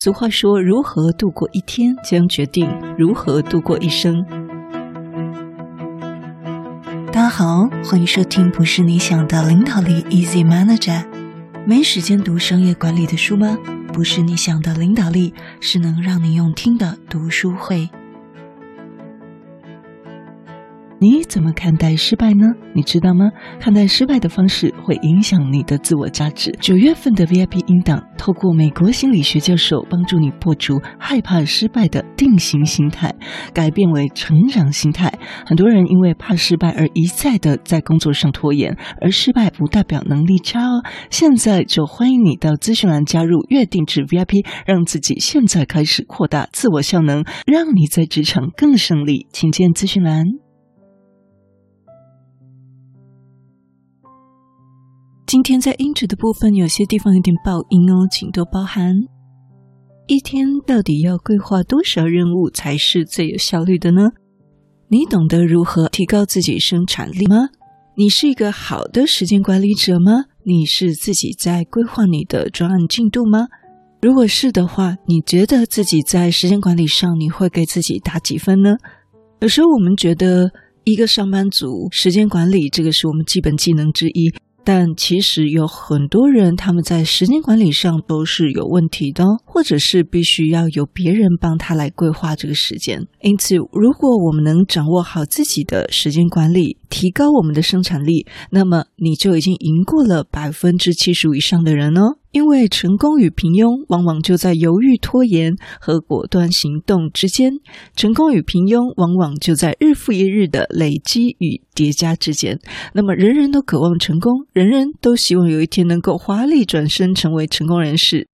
俗話說：“如何度過一天，將決定如何度過一生。”大家好，歡迎收聽《不是你想的領導力》，Easy Manager。沒時間讀商業管理的書嗎？不是你想的領導力，是能讓你用聽的讀書會。你怎麼看待失敗呢？你知道嗎？看待失敗的方式會影響你的自我價值。九月份的 VIP 音檔，透過美國心理學教授幫助你破除害怕失敗的定型心態，改變為成長心態。很多人因為怕失敗而一再地在工作上拖延，而失敗不代表能力差哦。現在就歡迎你到資訊欄加入月訂制 VIP，讓自己現在開始擴大自我效能，讓你在職場更勝利。請見資訊欄。今天在音質的部分，有些地方有點爆音哦，請多包涵。一天到底要規劃多少任務才是最有效率的呢？你懂得如何提高自己生產力嗎？你是一個好的時間管理者嗎？你是自己在規劃你的專案進度嗎？如果是的話，你覺得自己在時間管理上你會給自己打幾分呢？有時候我們覺得一個上班族時間管理這個是我們基本技能之一。但其實有很多人，他們在時間管理上都是有問題的，或者是必須要有別人幫他來規劃這個時間。因此，如果我們能掌握好自己的時間管理，提高我們的生產力，那麼你就已經贏過了百分之七十以上的人哦。因為成功與平庸往往就在猶豫拖延和果斷行動之間，成功與平庸往往就在日復一日的累積與疊加之間。那麼，人人都渴望成功，人人都希望有一天能夠華麗轉身成為成功人士。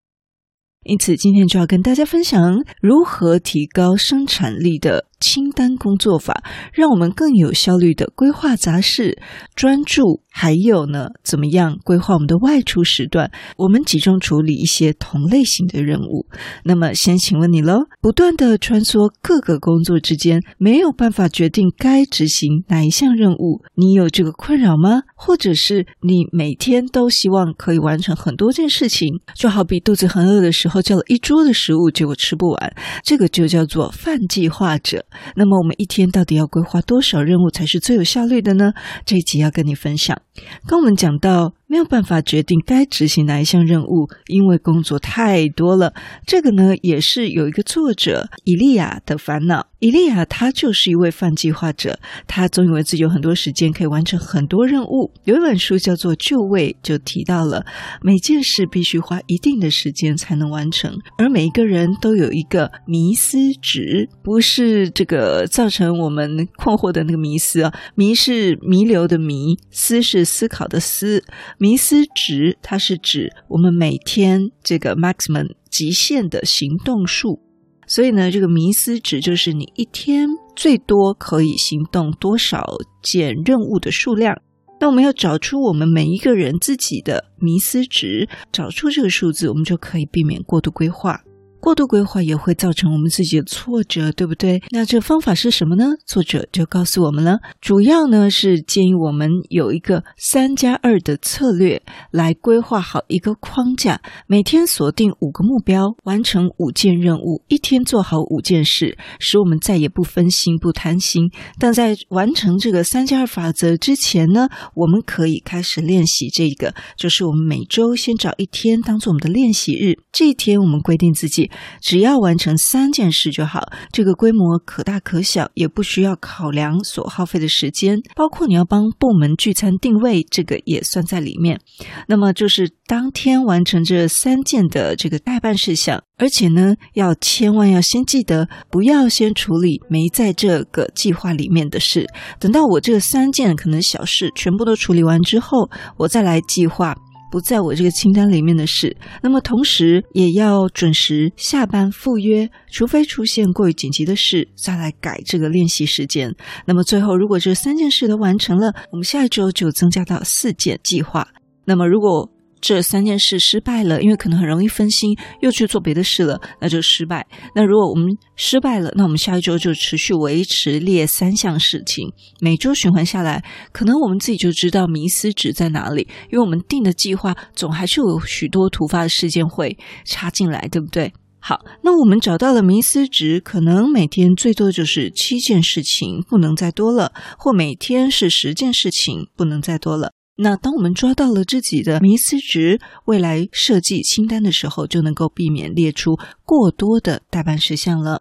因此，今天就要跟大家分享如何提高生產力的。清單工作法讓我們更有效率的規劃雜事、專注，還有呢，怎麼樣規劃我們的外出時段？我們集中處理一些同類型的任務。那麼，先請問你嘍，不斷的穿梭各個工作之間，沒有辦法決定該執行哪一項任務，你有這個困擾嗎？或者是你每天都希望可以完成很多件事情，就好比肚子很餓的時候叫了一桌的食物，結果吃不完，這個就叫做泛計畫者。那麼我們一天到底要規劃多少任務才是最有效率的呢？這一集要跟你分享。跟我們講到沒有辦法決定該執行哪一項任務，因為工作太多了。這個呢也是有一個作者伊利亞的煩惱。伊利亞他就是一位泛計劃者，他總以為自己有很多時間可以完成很多任務。有一本書叫做《就位》，就提到了每件事必須花一定的時間才能完成，而每一個人都有一個彌思值，不是這個造成我們困惑的那個迷思啊。彌是彌留的彌，思是。思考的思，彌思值它是指我們每天這個 maximum 極限的行動數。所以呢，這個彌思值就是你一天最多可以行動多少件任務的數量。那我們要找出我們每一個人自己的彌思值，找出這個數字，我們就可以避免過度規劃。過度規劃也會造成我們自己的挫折，對不對？那這方法是什麼呢？作者就告訴我們了，主要呢是建議我們有一個三加二的策略來規劃好一個框架，每天鎖定五個目標，完成五件任務，一天做好五件事，使我們再也不分心，不貪心。但在完成這個三加二法則之前呢，我們可以開始練習這個，就是我們每周先找一天當做我們的練習日，這一天我們規定自己。只要完成三件事就好，這個規模可大可小，也不需要考量所耗費的時間，包括你要幫部門聚餐定位，這個也算在裡面。那麼就是當天完成這三件的這個待辦事項，而且呢，要千萬要先記得，不要先處理沒在這個計劃裡面的事。等到我這三件可能小事全部都處理完之後，我再來計劃。不在我這個清單裡面的事，那麼同時也要準時下班赴約，除非出現過於緊急的事，再來改這個練習時間。那麼最後，如果這三件事都完成了，我們下一周就增加到四件計劃。那麼如果這三件事失敗了，因為可能很容易分心，又去做別的事了，那就失敗。那如果我們失敗了，那我們下一周就持續維持列三項事情，每周循環下來，可能我們自己就知道彌思值在哪裡，因為我們定的計劃總還是有許多突發的事件會插進來，對不對？好，那我們找到了彌思值，可能每天最多就是七件事情不能再多了，或每天是十件事情不能再多了。那當我們抓到了自己的彌思值，未來設計清單的時候，就能夠避免列出過多的待辦事項了。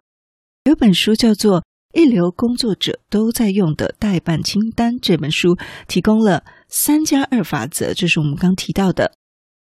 有本書叫做《一流工作者都在用的待辦清單》，這本書提供了三加二法則，這是我們剛提到的。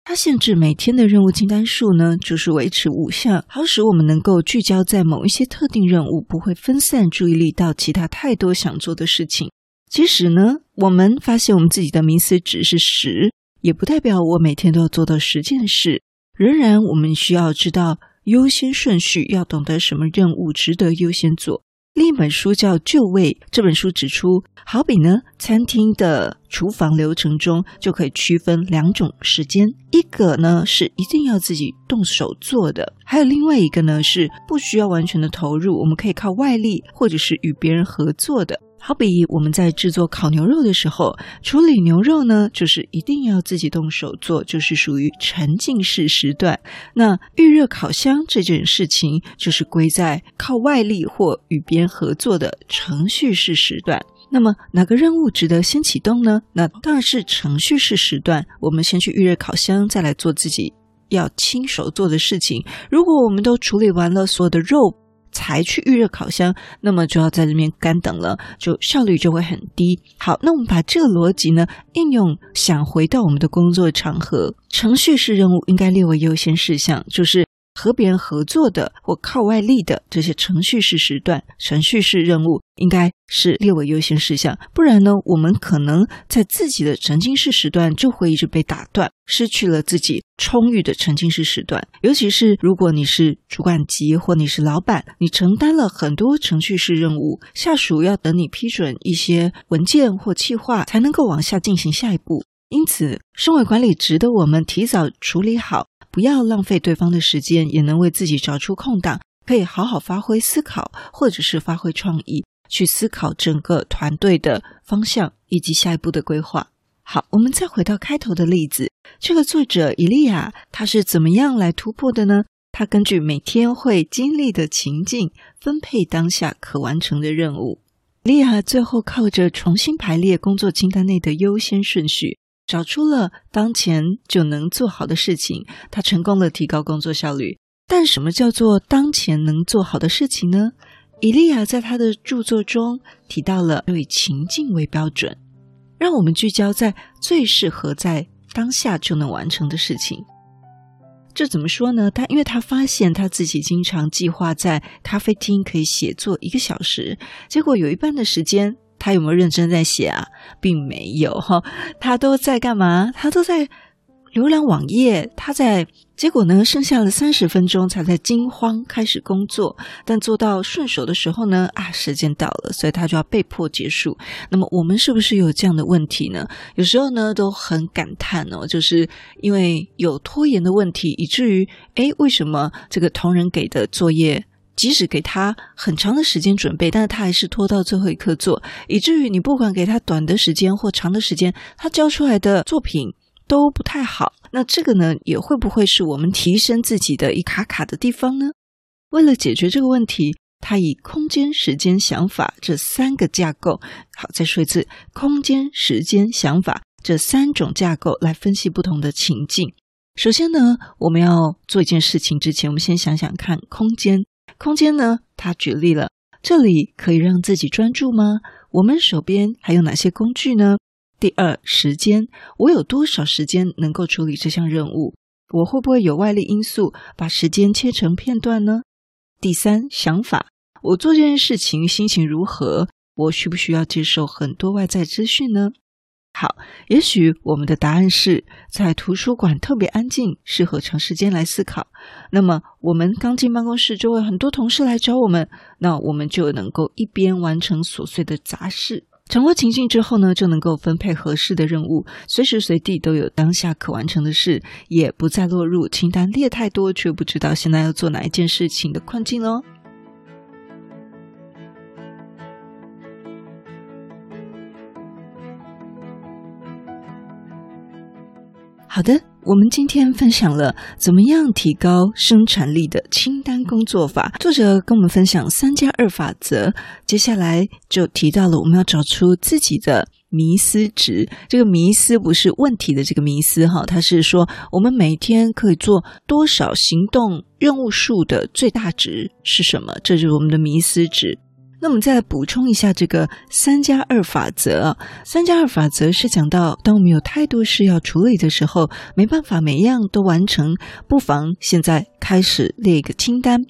它限制每天的任務清單數呢，就是維持五項，好使我們能夠聚焦在某一些特定任務，不會分散注意力到其他太多想做的事情。即使呢，我們發現我們自己的彌思值是十，也不代表我每天都要做到十件事。仍然，我們需要知道優先順序，要懂得什麼任務值得優先做。另一本書叫《就位》，這本書指出，好比呢，餐廳的廚房流程中就可以區分兩種時間：一個呢是一定要自己動手做的，還有另外一個呢是不需要完全的投入，我們可以靠外力或者是與別人合作的。好比我們在製作烤牛肉的時候，處理牛肉呢，就是一定要自己動手做，就是屬於沉浸式時段。那預熱烤箱這件事情，就是歸在靠外力或與別人合作的程序式時段。那麼哪個任務值得先啟動呢？那當然是程序式時段，我們先去預熱烤箱，再來做自己要親手做的事情。如果我們都處理完了所有的肉，才去預熱烤箱，那麼就要在這邊乾等了，就效率就會很低。好，那我們把這個邏輯呢應用，想回到我們的工作場合，程序式任務應該列為優先事項，就是。和別人合作的或靠外力的這些程序式時段、程序式任務，應該是列為優先事項。不然呢，我們可能在自己的沉浸式時段就會一直被打斷，失去了自己充裕的沉浸式時段。尤其是如果你是主管級或你是老闆，你承擔了很多程序式任務，下屬要等你批准一些文件或計劃才能夠往下進行下一步。因此，身為管理值得我們提早處理好。不要浪費對方的時間，也能為自己找出空檔，可以好好發揮思考，或者是發揮創意，去思考整個團隊的方向以及下一步的規劃。好，我們再回到開頭的例子，這個作者伊利亞他是怎麼樣來突破的呢？他根據每天會經歷的情境，分配當下可完成的任務。利亞最後靠着重新排列工作清單內的優先順序，找出了當前就能做好的事情，他成功地提高工作效率。但什麼叫做當前能做好的事情呢？伊利亞在他的著作中提到了，要以情境為標準，讓我們聚焦在最適合在當下就能完成的事情。這怎麼說呢？他因為他發現他自己經常計劃在咖啡廳可以寫作一個小時，結果有一半的時間，他有沒有認真在寫啊？並沒有哈、哦，他都在幹嘛？他都在瀏覽網頁。他在結果呢，剩下了三十分鐘才在驚慌開始工作。但做到順手的時候呢，啊，時間到了，所以他就要被迫結束。那麼我們是不是有這樣的問題呢？有時候呢，都很感嘆哦，就是因為有拖延的問題，以至於哎，為什麼這個同仁給的作業？即使給他很長的時間準備，但是他還是拖到最後一刻做，以至於你不管給他短的時間或長的時間，他交出來的作品都不太好。那這個呢，也會不會是我們提升自己的一卡卡的地方呢？為了解決這個問題，他以空間、時間、想法這三個架構，好，再說一次，空間、時間、想法這三種架構來分析不同的情境。首先呢，我們要做一件事情之前，我們先想想看空間。空間呢，他舉例了，這裡可以讓自己專注嗎？我們手邊還有哪些工具呢？第二，時間，我有多少時間能夠處理這項任務？我會不會有外力因素把時間切成片段呢？第三，想法，我做這件事情心情如何？我需不需要接受很多外在資訊呢？好，也許我們的答案是在圖書館特別安靜，適合長時間來思考。那麼，我們剛進辦公室，周圍很多同事來找我們，那我們就能夠一邊完成瑣碎的雜事。掌握情境之後呢，就能夠分配合適的任務，隨時隨地都有當下可完成的事，也不再落入清單列太多卻不知道現在要做哪一件事情的困境嘍。好的，我們今天分享了怎麼樣提高生產力的清單工作法。作者跟我們分享三加二法則，接下來就提到了我們要找出自己的彌思值。這個彌思不是問題的這個迷思哈，它是說我們每天可以做多少行動任務數的最大值是什麼？這就是我們的彌思值。那我們再來補充一下這個“三加二法則”。三加二法則是講到，當我們有太多事要處理的時候，沒辦法每樣都完成，不妨現在開始列一個清單，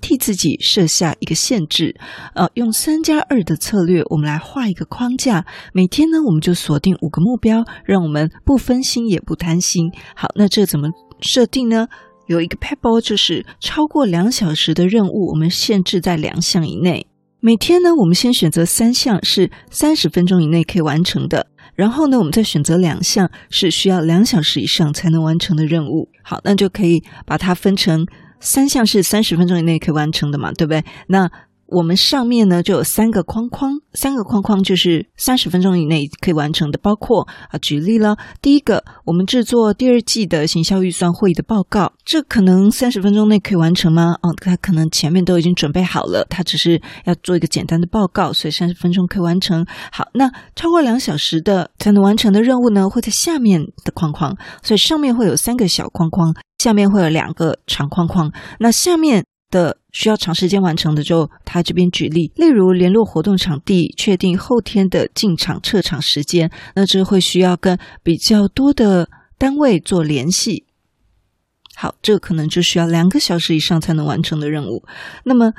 替自己設下一個限制。呃、啊，用三加二的策略，我們來畫一個框架。每天呢，我們就鎖定五個目標，讓我們不分心也不貪心。好，那這怎麼設定呢？有一個 Pebble，就是超過兩小時的任務，我們限制在兩項以內。每天呢，我們先選擇三項是三十分鐘以內可以完成的，然後呢，我們再選擇兩項是需要兩小時以上才能完成的任務。好，那就可以把它分成三項是三十分鐘以內可以完成的嘛，對不對？那。我們上面呢就有三個框框，三個框框就是三十分鐘以內可以完成的，包括啊，舉例了，第一個，我們制作第二季的行銷預算會議的報告，這可能三十分鐘內可以完成嗎？哦，他可能前面都已經準備好了，他只是要做一個簡單的報告，所以三十分鐘可以完成。好，那超過兩小時的才能完成的任務呢，會在下面的框框，所以上面會有三個小框框，下面會有兩個長框框，那下面的。需要長時間完成的之後，他這邊舉例，例如聯絡活動場地，確定後天的進場、撤場時間，那這會需要跟比較多的單位做聯繫。好，這可能就需要兩個小時以上才能完成的任務。那麼，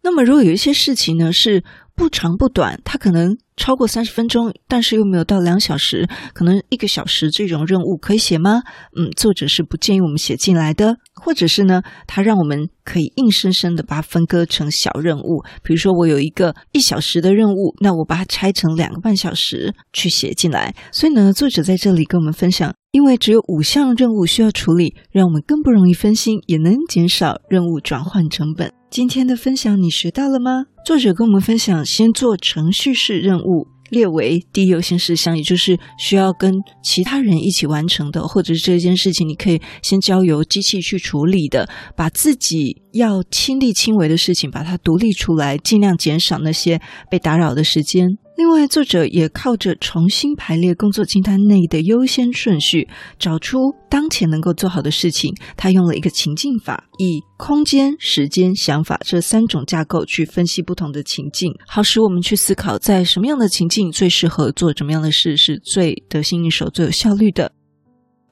那麼如果有一些事情呢，是不長不短，它可能超過三十分鐘，但是又沒有到兩小時，可能一個小時這種任務可以寫嗎？嗯，作者是不建議我們寫進來的，或者是呢，他讓我們可以硬生生地把它分割成小任務。比如說，我有一個一小時的任務，那我把它拆成兩個半小時去寫進來。所以呢，作者在這裡跟我們分享，因為只有五項任務需要處理，讓我們更不容易分心，也能減少任務轉換成本。今天的分享你學到了嗎？作者跟我們分享，先做程序式任務，列為第一優先事項，也就是需要跟其他人一起完成的，或者是這件事情你可以先交由機器去處理的，把自己要親力親為的事情把它獨立出來，盡量減少那些被打擾的時間。另外，作者也靠着重新排列工作清單內的優先順序，找出當前能夠做好的事情。他用了一個情境法，以空間、時間、想法這三種架構去分析不同的情境，好使我們去思考，在什麼樣的情境最適合做什麼樣的事，是最得心應手、最有效率的。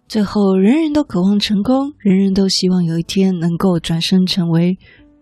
最後，人人都渴望成功，人人都希望有一天能夠轉身成為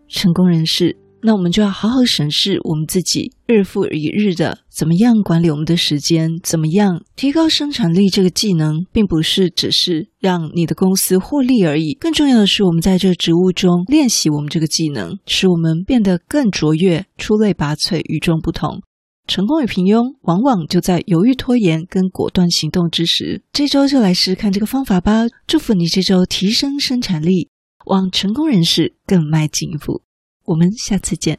成功人士。那我們就要好好審視我們自己，日復一日的怎麼樣管理我們的時間，怎麼樣提高生產力這個技能，並不是只是讓你的公司獲利而已。更重要的是，我們在這職務中練習我們這個技能，使我們變得更卓越、出類拔萃、與眾不同。成功與平庸，往往就在猶豫拖延跟果斷行動之時。這週就來試試看這個方法吧！祝福你這週提升生產力，往成功人士更邁進一步。我們下次見。